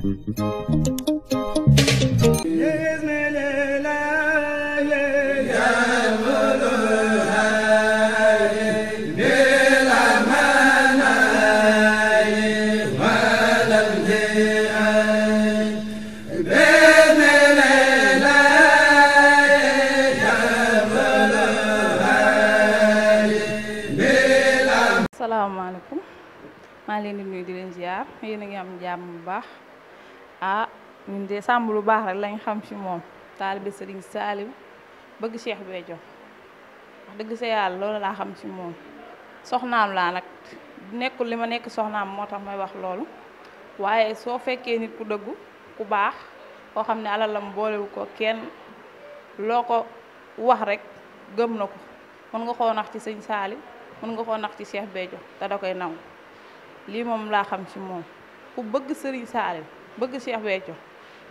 asalaamaaleykum maa leen di nuyu di leen ziar yéen a ngi am jàmm bu baax ah ñun de sàmm lu baax rek lañ xam ci moom taalibe sëriñ Saalim bëgg Cheikh Béthio jox dëgg sa yàlla loolu laa xam ci moom soxnaam laa nag nekkul li ma nekk soxnaam moo tax may wax loolu waaye soo fekkee nit ku dëggu ku baax koo xam ne alalam boolewu ko kenn loo ko wax rek gëm na ko mën nga koo nax ci sëñ Saalim mën nga koo nax ci Cheikh Béthio te da koy nangu lii moom laa xam ci moom ku bëgg sëriñ Saalim bëgg Cheikh Béthio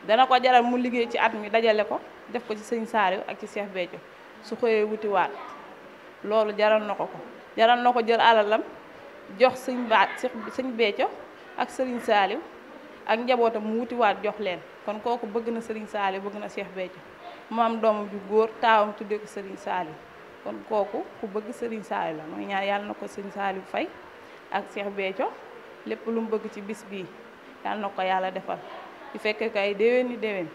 dana ko jaral mu liggéey ci at mi dajale ko def ko ci sëñ Saaliw ak ci Cheikh Béthio su xëyee wutiwaat loolu jaral na ko ko jaral na ko jël alalam jox sëñ baat sëñ Béthio ak sëriñ Saaliw ak njabootam mu wutiwaat jox leen kon kooku bëgg na sëriñ Saaliw bëgg na Cheikh Béthio mu am doomam ju góor taawam tuddee ko sëriñ Saaliw kon kooku ku bëgg sëriñ Saaliw la mooy ñaan yàlla na ko sëñ Saaliw fay ak Cheikh Béthio lépp lu mu bëgg ci bis bii yàlla na ko yàlla defal bu fekkee ko ay déwén ni déwén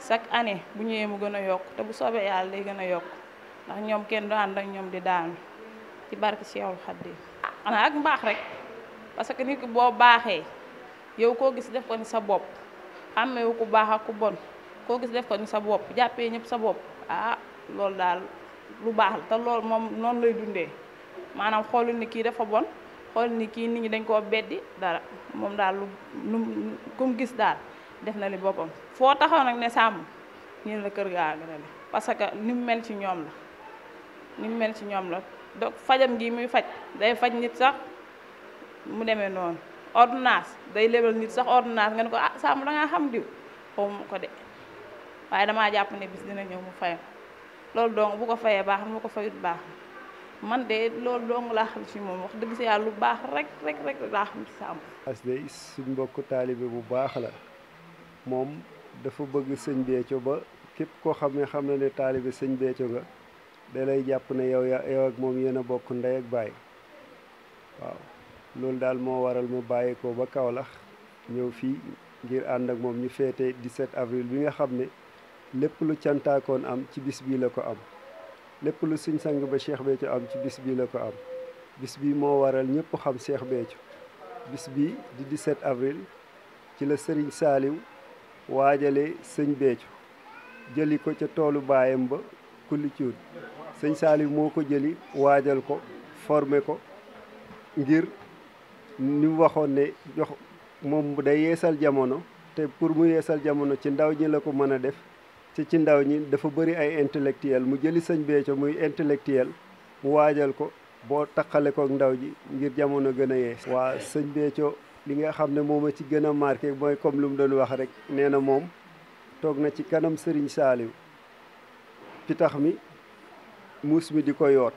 chaque année bu ñëwee mu gën a yokk te bu soobee yàlla lay gën a yokk ndax ñoom kenn du ànd ak ñoom di daanu ci barke Cheikhul Khadim xanaa ak mbaax rek parce que nit ki boo baaxee yow koo gis def ko ni sa bopp xàmmewu ku baax ak ku bon koo gis def ko ni sa bopp jàppee ñëpp sa bopp ah loolu daal lu baax la te loolu moom noonu lay dundee maanaam xoolul ni kii dafa bon xool ni kii nit ñi dañ ko beddi dara mom daal lu kum gis daal def na li bopam fo taxaw nak ne sam ñun la kër ga gën a parce que ni mel ci ñom la ni mel ci ñom la donc fajam gi muy faj day faj nit sax mu demee non ordonnance day lebal nit sax ordonnance nga ne ko ah sam da nga xam diw xom ko de waye dama japp ne bis dina ñew mu fayam loolu donc bu ko fayé bax mu ko fayut bax man de loolu dong laa xam si moom wax dëgg si yàlla lu baax rek rek laa xam si am. as de suñ mbokku taalibe bu baax la moom dafa bëgg sëñ Béthio ba képp koo xam ne xam na ne taalibe sëñ Béthio nga da jàpp ne yow yow ak moom yéen a bokk ndey ak baay waaw loolu daal moo waral mu bàyyi ko ba Kaolack ñëw fii ngir ànd ak moom ñu di set avril bi nga xam ne lépp lu cantaakoon am ci bis bii la ko am. lépp lu sëñ sang ba Cheikh Béthio am ci bis bi la ko am bis bi moo waral ñëpp xam Cheikh Béthio bis bi di 17 avril ci la Serigne saaliw waajale sëñ Béthio jëli ko ca toolu baayam ba kulli cuun sëñ Saliou moo ko jëli waajal ko forme ko ngir ni waxoon ne jox moom day yeesal jamono te pour mu yeesal jamono ci ndaw ñi la ko mën a def ci ci ndaw ñi dafa bëri ay intellectuel mu jëli sëñ Béthio muy intellectuel mu waajal ko boo taqalee ko ak ndaw ji ngir jamono gën a yees waa sëñ li nga xam ne moom a ci gën a marqué mooy comme lu mu doon wax rek nee na moom toog na ci kanam Serigne saaliw pitax mi muus mi di ko yoot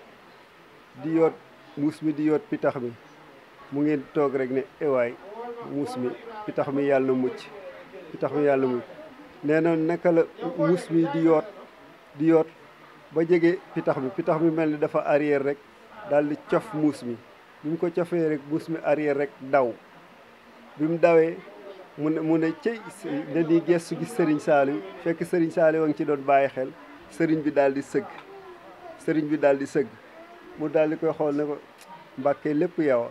di yoot muus mi di yoot pitax mi mu ngeen toog rek ne ewaay muus mi pitax mi yàlla na mucc pitax mi yàlla mucc nee na naka la muus mi di yoot di yoot ba jege pitax bi pitax mi mel ni dafa arrière rek daal di cof muus mi bi mu ko cofee rek muus mi arrière rek daw bi mu dawee mu ne mu ne cëy dañuy gestu gis Serigne Saliou fekk Serigne Saliou a ngi ci doon bàyyi xel sëriñ bi daal di sëgg Serigne bi daal di sëgg mu daal di koy xool ne ko mbàkkee lépp yow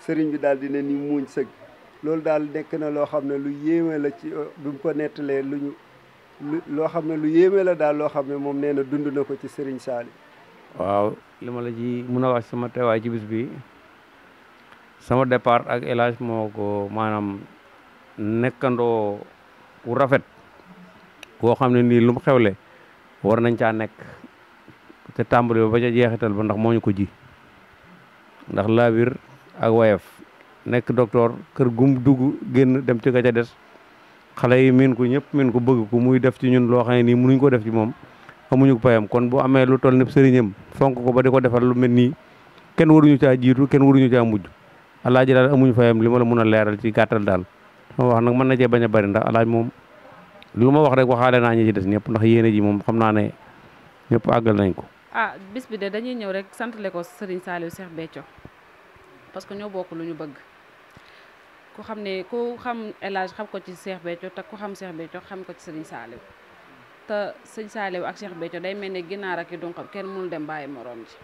Serigne bi daal di ne nii muuñ sëgg loolu daal nekk na loo xam ne lu yéeme la ci euh, bi ko nettalee lu ñu loo xam ne lu yéeme la daal loo xam ne moom nee na dund na ko ci Serigne Saliou. waaw li ma la ji mën a wax sama teewaay ci bis bi sama départ ak El ko maanaam nekkandoo ku rafet koo xam ne nii lu mu xewle war nañ caa nekk te tàmbali ba ba ca jeexital ba ndax moo ko ji ndax laabir ak wayef nekk docteur kër gum dugg génn dem ci ka des xale yi miin ko ñëpp miin ko bëgg ko muy def ci ñun loo xam ne nii mënuñ ko def ci moom amuñu ko payam kon boo amee lu toll ni sëriñam fonk ko ba di ko defal lu mel nii kenn waruñu caa jiitu kenn waruñu caa mujj alaaji daal amuñu fayam li ma la mun a leeral ci gàttal daal ma wax nag mën na cee bañ a bari ndax alaaj moom lu ma wax rek waxaale naa ñi ci des ñëpp ndax yéene ji moom xam na ne ñëpp àggal nañ ko. ah bis bi de dañuy ñëw rek santale ko Serigne Saliou Cheikh Béthio parce que ku xam ne ku xam El xam ko ci Cheikh Béthio te ku xam Cheikh Béthio xam ko ci Serigne Saliou te Serigne Saliou ak Cheikh Béthio day mel ne ginaar ak i dunqam kenn mënul dem bàyyi moroom ji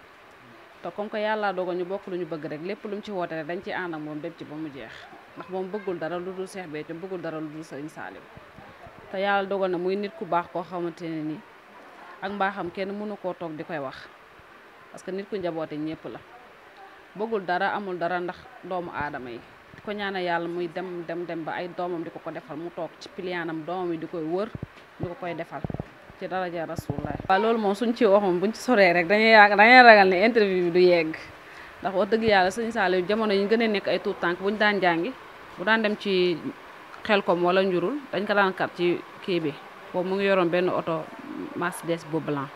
te comme que yàlla dogal ñu bokk lu ñu bëgg rek lépp lu mu ci woote rek dañ ci ànd moom dem ci ba mu jeex ndax moom bëggul dara lu dul Cheikh Béthio bëggul dara lu dul Serigne Saliou te yàlla dogal na muy nit ku baax koo xamante ne nii ak mbaaxam kenn mënu koo toog di koy wax parce que nit ku njaboote ñëpp la bëggul dara amul dara ndax doomu aadama yi ko ñaanal yàlla muy dem dem dem ba ay doomam di ko ko defal mu toog ci piliyaanam doomam yi di koy wër di ko koy defal ci daraja rasulullah waaw loolu moom suñ ci waxoon buñ ci soree rek dañuy dañuy ragal ne interview bi du yegg ndax wax dëgg yàlla sëñ Saliou jamono yi ñu gën a nekk ay tuut tànk buñ daan jàngi bu daan dem ci Xelkom wala njurul dañ ko daan ci kii bi boobu mu ngi yoroon benn oto Mercedes bu blanc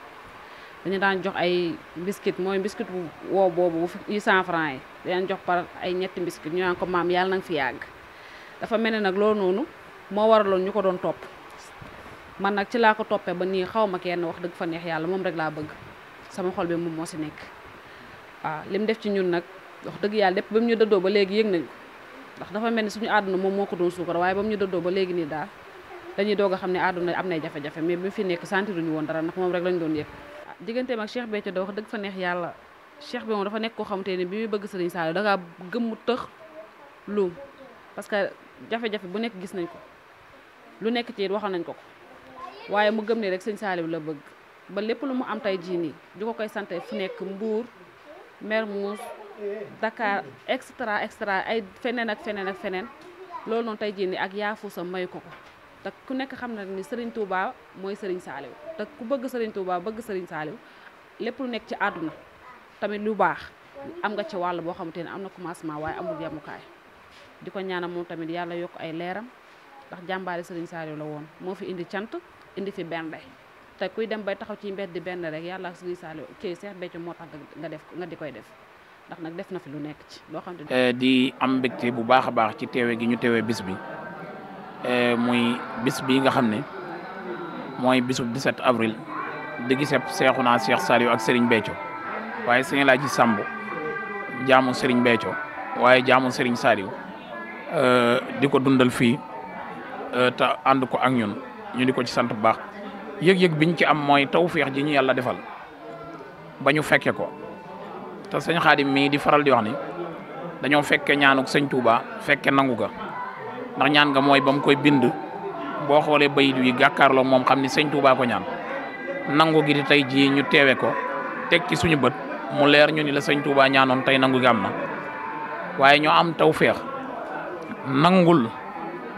dañu daan jox ay biscuit mooy biscuit bu woo boobu bu cent francs yi dañu jox par ay ñetti biscuit ñu naan ko maam yàlla na nga fi yàgg dafa mel ne nag loolu noonu moo waraloon ñu ko doon topp man nag ci laa ko toppee ba nii xaw ma kenn wax dëgg fa neex yàlla moom rek laa bëgg sama xol bi moom moo si nekk waaw li mu def ci nag wax dëgg yàlla lépp ba mu ñu dëddoo ba léegi yëg nañu ndax dafa mel ni suñu àdduna moom moo ko doon suukar waaye ba mu ñu dëddoo ba léegi nii daal dañuy doog a xam ne àdduna am nay jafe-jafe mais bi mu fi nekk sentiruñu woon dara ndax moom rek lañ doon yëg digganteem ak Cheikh Béthio doo wax dëgg fa neex yàlla Cheikh bi moom dafa nekk koo xamante ne bi muy bëgg Serigne Saliou da ngaa gëmmu tëx lu parce que jafe-jafe bu nekk gis nañ ko lu nekk ci waxal nañ ko ko waaye mu gëm ne rek Serigne Saliou la bëgg ba lépp lu mu am tey jii nii di ko koy sante fu nekk Mbour Mermoz Dakar extra extra ay feneen ak feneen ak feneen loolu noonu tey jii ak ak yaafuusam may ko ko te ku nekk xam na ni Serigne Touba mooy Serigne Saliou te ku bëgg Serigne Touba bëgg Serigne Saliou lépp lu nekk ci àdduna tamit lu baax am nga ci wàll boo xamante ne am na commencement waaye amul yemukaay di ko ñaanal moom tamit yàlla yokk ay leeram ndax jàmbaari Serigne Saliou la woon moo fi indi cant indi fi bernde te kuy dem bay taxaw ci mbedd benn rek yàlla ak Serigne Saliou kii Seex moo tax nga def nga di koy def ndax nag def na fi lu nekk ci loo xam ne. Eh, di am mbégte bu baax a baax ci teewe gi ñu teewee bis bi. Eh, muy bis bii nga xam ne mooy bisub 17 avril di gisee Seexuna Seex Saliou ak Serigne Béthio waaye sëñ Alaaji Samb jaamu Serigne Béthio waaye jaamu Serigne Saliou eh, di ko dundal fii eh, te ànd ko ak ñun ñu di ko ci sant bu baax yëg-yëg biñ ci am mooy tawféex ji ñu yàlla defal ba ñu fekke ko te sëñ Xaadim mii di faral di wax ni dañoo fekke ñaanuk sëñ Touba fekke nangu ga ndax ñaan nga moy bam koy bind bo xolé bayit wi gàkkaarloo moom xam ni sëñ Touba ko ñaan nangu gi di tay ji ñu téwé ko tek ci suñu bëtt mu leer ñu ni la seigne Touba ñaanon tay nangu gi am waye ñu am tawfiq nangul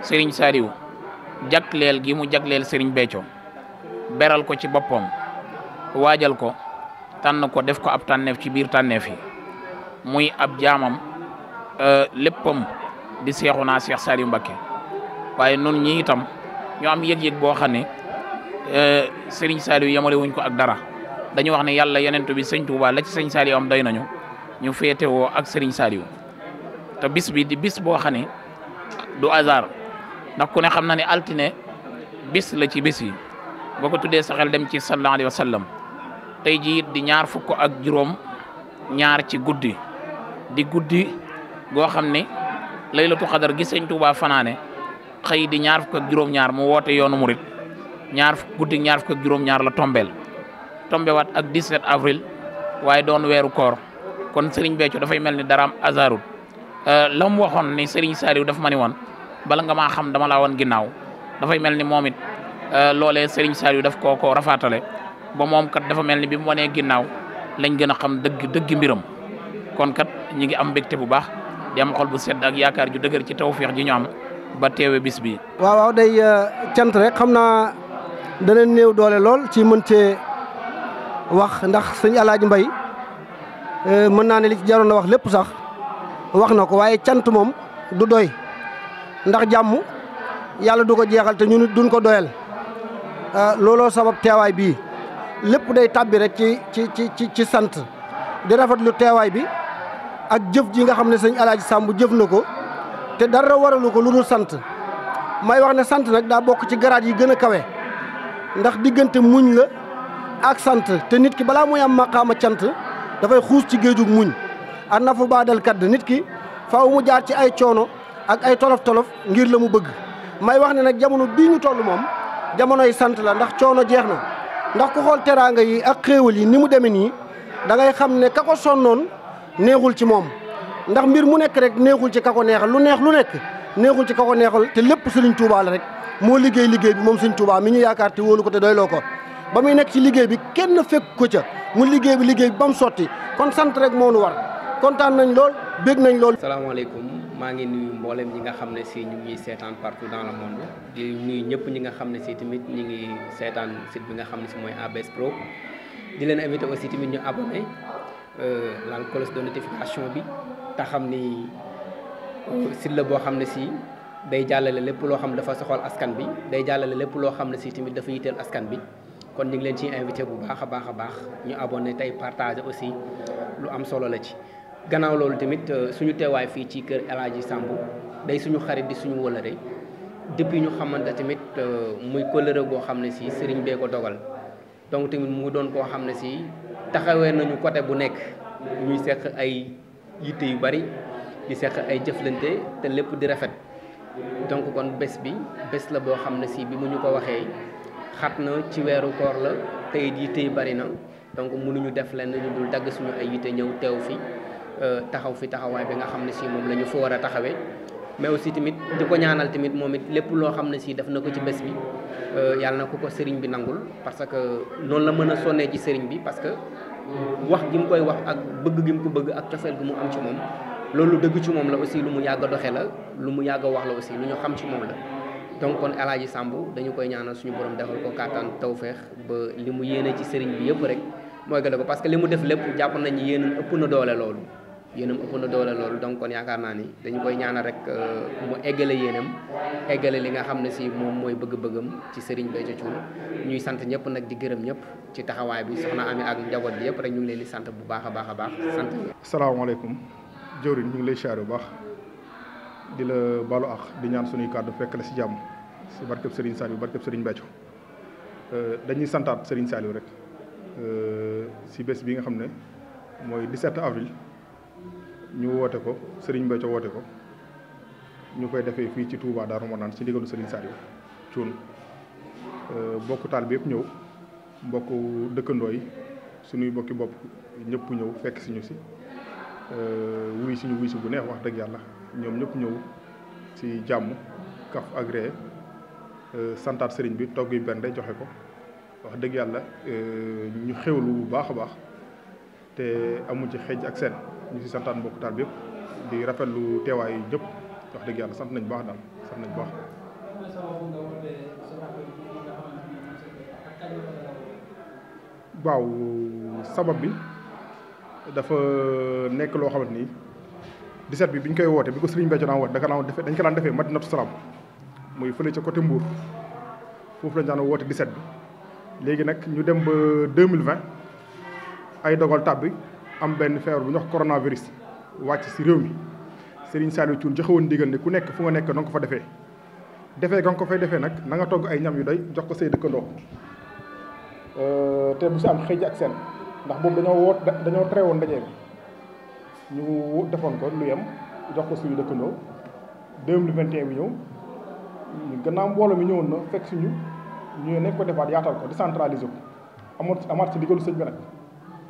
Serigne Saliou jagleel gi mu leel Serigne Béthio beral ko ci bopom wajal ko tan ko def ko ab tanef ci bir tanef yi muy ab jaamam euh, leppam di Seexuna Seex Saliou Mbacké waaye noonu ñi itam ñu am yëg-yëg boo xam ne eh, Serigne Saliou yamale wuñ ko ak dara dañu wax ne yàlla to bi sëñ Touba la ci sëñ Saliou am doy nañu ñu féetewoo ak Serigne Saliou te bis bi di bis boo xam ne du azar ndax ku ne xam na ni altine bis la ci bis yi boo ko tuddee sa dem ci sallallahu alayhi wa sallam tey jii di ñaar fukk ak juróom ñaar ci guddi di guddi goo xam ne laylatu xadar gi sëñ Tuubaa fanaane xëy di ñaar fukk ak juróom-ñaar mu woote yoonu murit ñaar fukk guddi ñaar fukk ak juróom-ñaar la tombeel tombewaat ak 17 avril waaye doon weeru koor kon Serigne Béthio dafay mel ni daraam azarut euh, la mu waxoon ni Serigne Saliou dafa ma ni woon bala nga maa xam dama laa woon ginnaaw dafay mel ni moom it euh, loolee Serigne Saliou daf koo koo rafaatale ba moom kat dafa mel ni bi mu wanee ginnaaw lañ gën a xam dëgg dëgg mbiram kon kat ngi am mbégte bu baax. di am xol bu sedd ak yaakaar ju dëgër ci tawféex ji ñu am ba teewe bis bi. waaw waaw day euh, cant rek xam naa dana néew doole lool ci mën cee wax ndax sëñ Alaaji Mbay euh, mën naa ne li ci jaroon na wax lépp sax wax na ko waaye cant moom du doy ndax jàmm yàlla du ko jeexal te ñun duñ ko doyal euh, looloo sabab teewaay bii lépp day tàbbi rek ci ci ci ci sant di rafetlu teewaay bi. ak jëf ji nga xam ne sëñ Alaaji Sàmb jëf na ko te dara waralu ko lu dul sant may wax ne sant nag daa bokk ci garaaj yi gën a kawe ndax diggante muñ la ak sant te nit ki balaa muy am maqaama cant dafay xuus ci géejug muñ a nafu baadal kadd nit ki faaw mu jaar ci ay coono ak ay tolof-tolof ngir la mu bëgg may wax ne nag jamono bii ñu toll moom jamonoy sant la ndax coono jeex na ndax ku xool teraanga yi ak xéewal yi ni mu demee nii da ngay xam ne ka ko sonnoon neexul ci moom ndax mbir mu nekk rek neexul ci ka neexal lu neex lu nekk neexul ci ka ko neexal te lépp Sëriñ Tuubaa la rek moo liggéey liggéey bi moom Sëriñ Tuubaa mi ñu yaakaar te wóolu ko te doyloo ko ba muy nekk ci liggéey bi kenn fekk ko ca mu liggéey bi liggéey bi ba mu sotti kon sant rek moo nu war kontaan nañ lool bég nañ lool. salaamaaleykum maa ngi nuyu mboolem ñi nga xam ne si ñu ngi seetaan partout dans le monde di nuyu ñëpp ñi nga xam ne si tamit ñi ngi seetaan site bi nga xam ne si mooy ABS Pro di leen invité aussi tamit ñu abonné. laal cloche de notification bi te xam ni site la boo xam ne si day jàllale lépp loo xam ne dafa soxal askan bi day jàllale lépp loo xam ne si tamit dafa yitteel askan bi kon ñu ngi leen ci invité bu baax a baax a baax ñu abon abonné tey partagé aussi lu am solo la ci. gannaaw loolu tamit euh, suñu teewaay fii ci kër El Hadji Samb day suñu xarit di suñu wëlëre depuis ñu xamante tamit euh, muy kóllëre boo xam ne si sëriñ bee ko dogal donc tamit mu doon koo xam ne si. taxawee nañu côté bu nekk ñuy seq ay yitte yu bari di seq ay jëflante te lépp di rafet donc kon bés bi bés la boo xam ne si bi mu ñu ko waxee xat na ci weeru koor la te it yitte yu bari na donc mënuñu def lenn lu dul dagg suñu ay yitte ñëw teew fi euh, taxaw fi taxawaay bi nga xam si moom la fo fa war mais aussi tamit di ko ñaanal tamit moom it lépp loo xam ne si def na ko ci bés bi euh, yàlla na ko ko sëriñ bi nangul parce que noonu la mën a sonnee ci sëriñ bi parce que wax gi mu koy wax ak bëgg gi mu ko bëgg ak cofeel gi mu am ci moom loolu dëgg ci moom la aussi lu mu yàgg a doxe la lu mu yàgg wax la aussi lu ñu xam ci moom la donc kon El Samb dañu koy ñaanal suñu borom defal ko kàttan tawféex ba li mu yéene ci sëriñ bi yëpp rek mooy gën a ko parce que li mu def lépp jàpp nañu yéen ëpp na doole loolu Yenem ëpp na doole loolu donc kon yaakaar naa ni dañu koy ñaanal rek euh, mu eggale yéenam eggale li nga xam ne si moom mooy bëgg-bëggam ci Serigne bay Thioune ñuy sant ñëpp nag di gërëm ñëpp ci taxawaay bi soxna Ami ak njaboot bi yëpp rek ñu ngi leen di sant bu baax a baax a baax sant. asalaamaaleykum jëwriñ ñu ngi lay siyaare bu baax di la balu ak di ñaan suñuy kàddu fekk la si jàmm si barkeb Serigne Saliou barkeb Serigne Béthio euh, dañuy santaat Serigne Saliou rek euh, si bés bi nga xam ne mooy 17 avril. ñu woote ko sëriñ Serigne Béthio woote ko ñu koy defee fii ci Touba Darou Manane ci ndigalu Serigne Saliou Thioune euh, bokk taal bi yëpp ñëw mbokk dëkkandoo yi suñuy bokki bopp ñëpp ñëw fekk si ñu si euh, wuy si ñu wuy si bu neex wax dëgg yàlla ñoom ñëpp ñëw si jàmm kaf agréé euh, santaat sëriñ bi togg yu bernde joxe ko wax dëgg yàlla ñu xewlu bu baax a baax te amu ci xej ak seen ñu si santaan mbokk taal bi yëpp di rafetlu teewaay yi ñëpp wax dëgg yàlla sant nañ baax daal sant nañ baax. waaw sabab bi dafa nekk loo xamante ni 17 bi bi ñu koy woote bi ko Serigne Béthio daan woote defee dañ ko daan defee Madinatu Salaam muy fële ca côté Mbour foofu lañ daan woote 17 bi léegi nag ñu dem ba 2020 ay dogal tàbbi am benn feebar bu ñuy wax coronavirus wàcc si réew mi Serigne Saliou Thioune joxewoon woon ndigal ku nekk fu nga nekk na nga ko fa defee defee nga ko fay defee nag na nga togg ay ñam yu day jox ko say dëkkandoo euh, te bu si am xëy ak seen ndax boobu dañoo woot dañoo tere woon ndaje ñu defoon ko lu yem jox ko suñu dëkkandoo 2021 bi ñëw gannaaw mbooloo mi ñëwoon na fekk suñu ñu ne ko defaat yaatal ko décentraliser ko amoon amaat si ndigalu sëñ bi nag.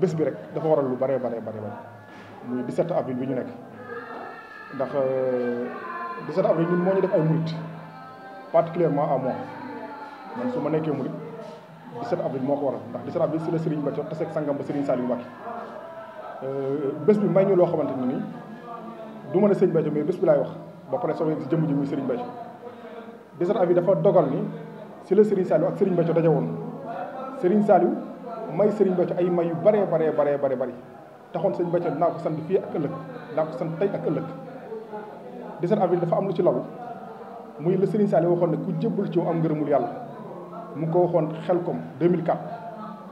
bés bi rek dafa waral lu bare bare bare muy 17 avril bi ñu nekk ndax 17 euh, avril ñun moo ñu def ay murit particulièrement à moi man su ma nekkee murit 17 avril moo ko waral ndax 17 avril si la Serigne Bacco taseeg sangam ba Serigne Saliou Mbacké euh, bés bi may ñu loo xamante ne nii du ma ne Serigne Bacco mais bés bi laay wax ba pare soo si jëmm ji muy Serigne Bacco 17 avril dafa dogal nii si la Serigne Saliou ak Serigne Bacco daje woon Serigne Saliou may sëriñ Bethio ay may yu baree baree baree bare bëri taxoon sëriñ Bethio naa ko sant fii ak ëllëg dinaa ko sant tey ak ëllëg 17 avril dafa am lu ci law muy la sëriñ Saliou waxoon ne ku jébbal ci yow am ngërëmul yàlla mu ko waxoon xel xelkom 2004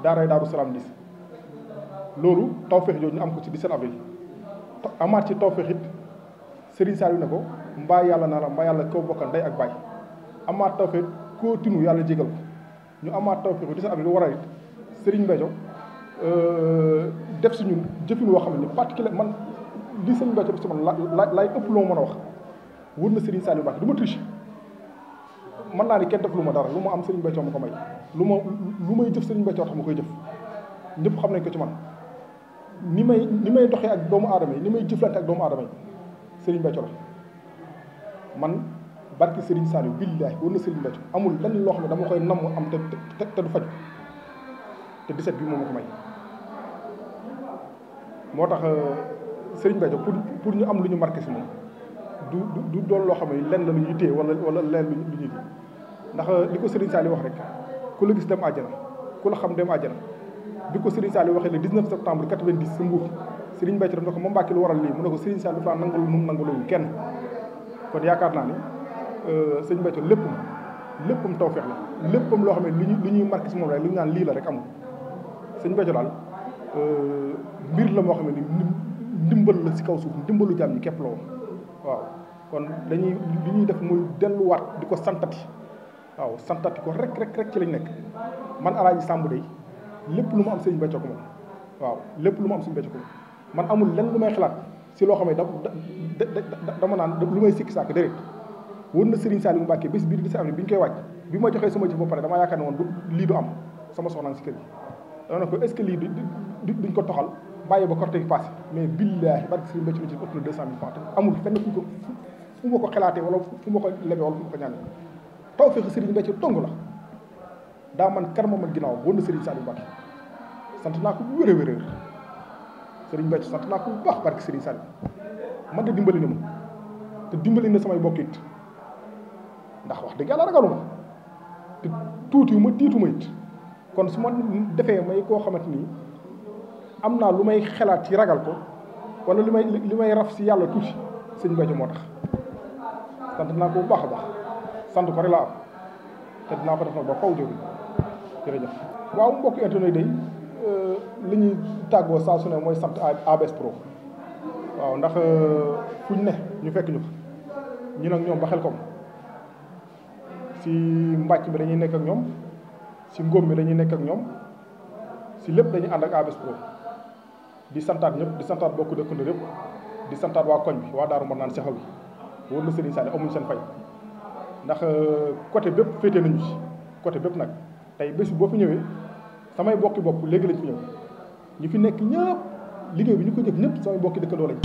daaray daaru salaam dis loolu tawféex jooju ñu am ko ci 17 avril amaat ci tawféex it sëriñ Saliou ne ko mbaa yàlla na la mba yàlla koo bokkal ndey ak baay amaat tawféex koo tinu yàlla jégal ko ñu amaat tawféex bu 17 avril lu waral it Serigne Béthio def si ñun jëfin woo xam ne particulier man li Serigne Béthio def si man la laay ëpp loo mën a wax wër na Serigne Saliou Mbacké du ma triche mën naa ni kenn def lu ma dara lu ma am Serigne Béthio ma ko may lu ma lu may jëf Serigne Béthio tax ma koy jëf ñëpp xam nañ ko ci man ni may ni may doxee ak doomu aadama yi ni may jëflante ak doomu aadama yi Serigne Béthio la man barki Serigne Saliou billahi wër na Serigne Béthio amul lenn loo xam ne dama koy namm am te te du faj te 17 bi moom ma ko may moo tax euh, Serigne Béthio pour pour ñu am lu ñu marqué si moom du du doon loo xam ne len la lu ñuy téye wala wala lenn lu ñu ji ndax euh, li ko Serigne Saliou wax rek ku la gis dem àjjana ku la xam dem àjjana bi ko Serigne Saliou waxee le 19 septembre 90 sa mbuur Serigne Béthio daf na ko ma Mbàkke lu waral lii mu ne ko Serigne Saliou dafa nangalu nu mu nangalowul kenn kon yaakaar naa ne euh, Serigne Béthio lépp léppam tawfeex la léppam loo xam ne lu ñuy lu ñuy marqué si ñu naan lii la rek amul sëñ Béthio daal euh, mbir la moo xam ne ndimbal la si kaw suuf ndimbalu jaam ñi képp la waaw kon dañuy li ñuy def muy delluwaat di ko santati waaw santati ko rek rek rek ci lañ nekk man Alaaji Samb de lépp lu mu am sëñ Béthio ko moom waaw lépp lu mu am sëñ Béthio man amul lenn lu may xalaat si loo xam ne da dama naan lu may sikki sàkk déedéet wër na Serigne Saliou Mbacké bés bii di sa am bi ñu koy wàcc bi ma joxee sama jëf boppare dama yaakaar ne woon du lii du am sama soxnaan si kër dama ne ko est-ce que lii duñ ko toxal bàyyi ba cortège passé mais billaahi barke sëriñ Béthio ci ëpp na deux cent mille francs amul fenn fu ko fu ma ko xalaatee wala fu ma ko lebe wala fu ma ko ñaanee taw feex daa man kar ma man ginnaaw won na sëriñ Saliou Mbacké sant naa ko bu wér sëriñ Béthio sant naa ko bu baax barke sëriñ Saliou man de dimbali na ma te dimbali na samay mbokk it ndax wax dëgg yàlla ragaluma te tuutiwuma tiituma it kon su ma defee may koo xamante ni am naa lu may xelaat ci ragal ko wala li may li may raf si yàlla tuuti sëñ Béthio moo tax sant naa ko bu baax a baax sant ko rek laa am te dinaa ko def nag ba faw jóge jërëjëf waaw mbokk internet day euh, li ñuy tàggoo saa su ne mooy sant ABS Pro waaw ndax euh, fuñ ne ñu fekk ñu fa ñu nag ñoom ba xel kom si mbàcc bi dañuy nekk ak ñoom si ngóob mi dañuy nekk ak ñoom si lépp dañuy ànd ak ABS Pro di santaat ñëpp di santaat bokku dëkkandoo yëpp di santaat waa koñ bi waa Daaru Marnaan Seexaw bi wóor na Serigne Sall seen fay ndax euh, côté bépp féete nañu ci côté bépp nag tey bés boo fi ñëwee samay bokki bopp léegi lañ fi ñëw ñu fi nekk ñëpp liggéey bi ñu ko jëf ñëpp samay bokki dëkkandoo lañ